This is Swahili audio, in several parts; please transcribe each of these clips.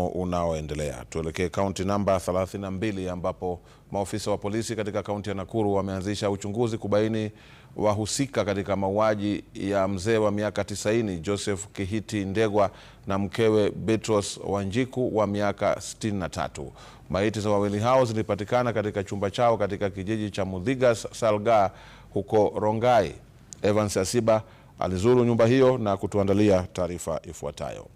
mgomo unaoendelea. Tuelekee kaunti namba 32 ambapo maofisa wa polisi katika kaunti ya Nakuru wameanzisha uchunguzi kubaini wahusika katika mauaji ya mzee wa miaka 90 Joseph Kihiti Ndegwa na mkewe Beatrice Wanjiku wa miaka 63. Maiti za wawili hao zilipatikana katika chumba chao katika kijiji cha Mudhiga Salga huko Rongai. Evans Asiba alizuru nyumba hiyo na kutuandalia taarifa ifuatayo.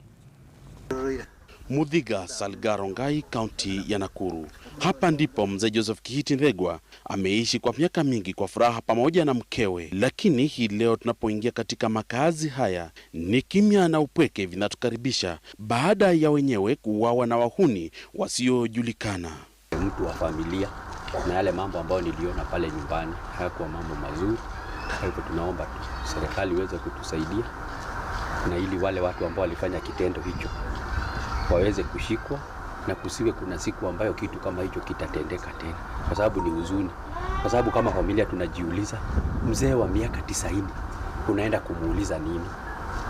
Mudhiga Salgarongai, kaunti ya Nakuru. Hapa ndipo mzee Joseph Kihiti Ndegwa ameishi kwa miaka mingi kwa furaha pamoja na mkewe, lakini hii leo tunapoingia katika makazi haya ni kimya na upweke vinatukaribisha baada ya wenyewe kuuawa na wahuni wasiojulikana. Mtu wa familia na yale mambo ambayo niliona pale nyumbani hayakuwa mambo mazuri. Kwa hivyo tunaomba serikali iweze kutusaidia na ili wale watu ambao walifanya kitendo hicho waweze kushikwa na kusiwe kuna siku ambayo kitu kama hicho kitatendeka tena, kwa sababu ni huzuni. Kwa sababu kama familia tunajiuliza, mzee wa miaka tisaini unaenda kumuuliza nini?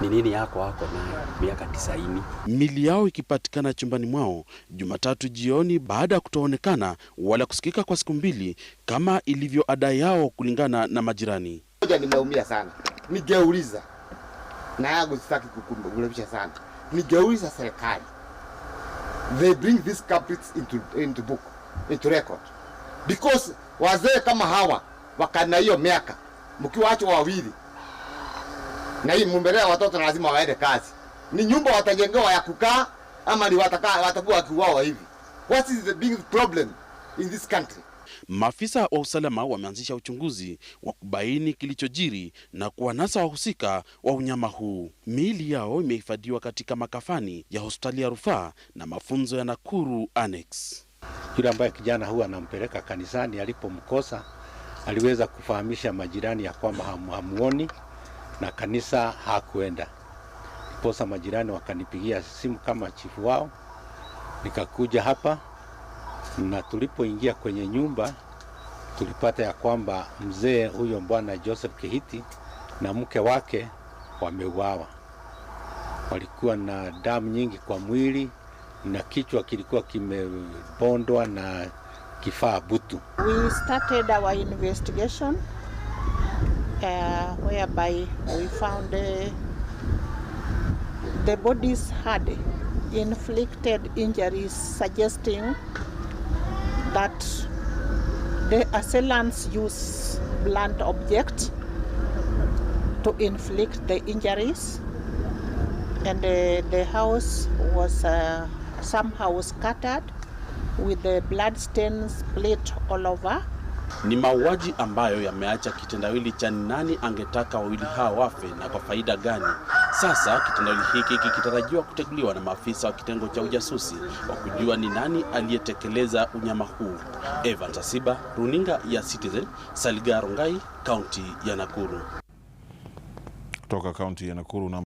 Ni nini yako hako na miaka tisaini? Mili yao ikipatikana chumbani mwao Jumatatu jioni baada ya kutoonekana wala kusikika kwa siku mbili kama ilivyo ada yao kulingana na majirani. Nimeumia sana, nigeuliza na yangu sitaki kukumbusha sana, nigeuliza serikali they bring these culprits into, into book into record because wazee kama hawa wakana hiyo miaka mkiwachwa wawili na hii mumbelea watoto na lazima waende kazi, ni nyumba watajengewa ya kukaa ama ni watakaa watakuwa wakiuawa hivi? What is the big problem in this country? Maafisa wa usalama wameanzisha uchunguzi wa kubaini kilichojiri na kuwanasa wahusika wa unyama huu. Miili yao imehifadhiwa katika makafani ya hospitali ya rufaa na mafunzo ya Nakuru Annex. Yule ambaye kijana huu anampeleka kanisani, alipomkosa aliweza kufahamisha majirani ya kwamba hamuoni na kanisa hakuenda, posa majirani wakanipigia simu kama chifu wao, nikakuja hapa na tulipoingia kwenye nyumba tulipata ya kwamba mzee huyo bwana Joseph Kihiti na mke wake wameuawa. Walikuwa na damu nyingi kwa mwili na kichwa kilikuwa kimebondwa na kifaa butu. We started our investigation uh, whereby we found uh, the bodies had inflicted injuries suggesting that the assailants use blunt objects to inflict the injuries and the, the house was uh, somehow scattered with the blood stains split all over. Ni mauaji ambayo yameacha kitendawili cha nani angetaka wawili hawa wafe na kwa faida gani? Sasa kitendawili hiki kikitarajiwa kuteguliwa na maafisa wa kitengo cha ujasusi wa kujua ni nani aliyetekeleza unyama huu. Eva Tasiba, runinga ya Citizen, Saligaro Ngai, kaunti ya Nakuru. Kutoka kaunti ya Nakuru na